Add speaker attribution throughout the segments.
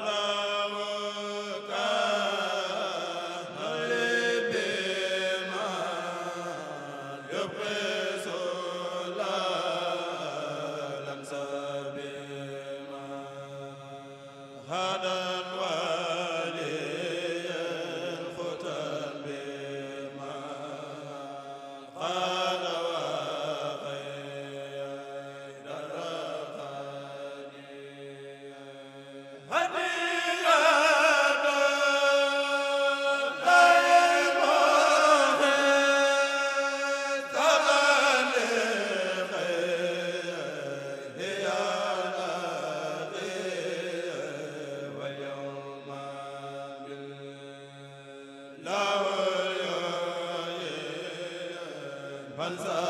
Speaker 1: Allah man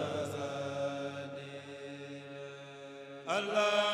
Speaker 1: Allah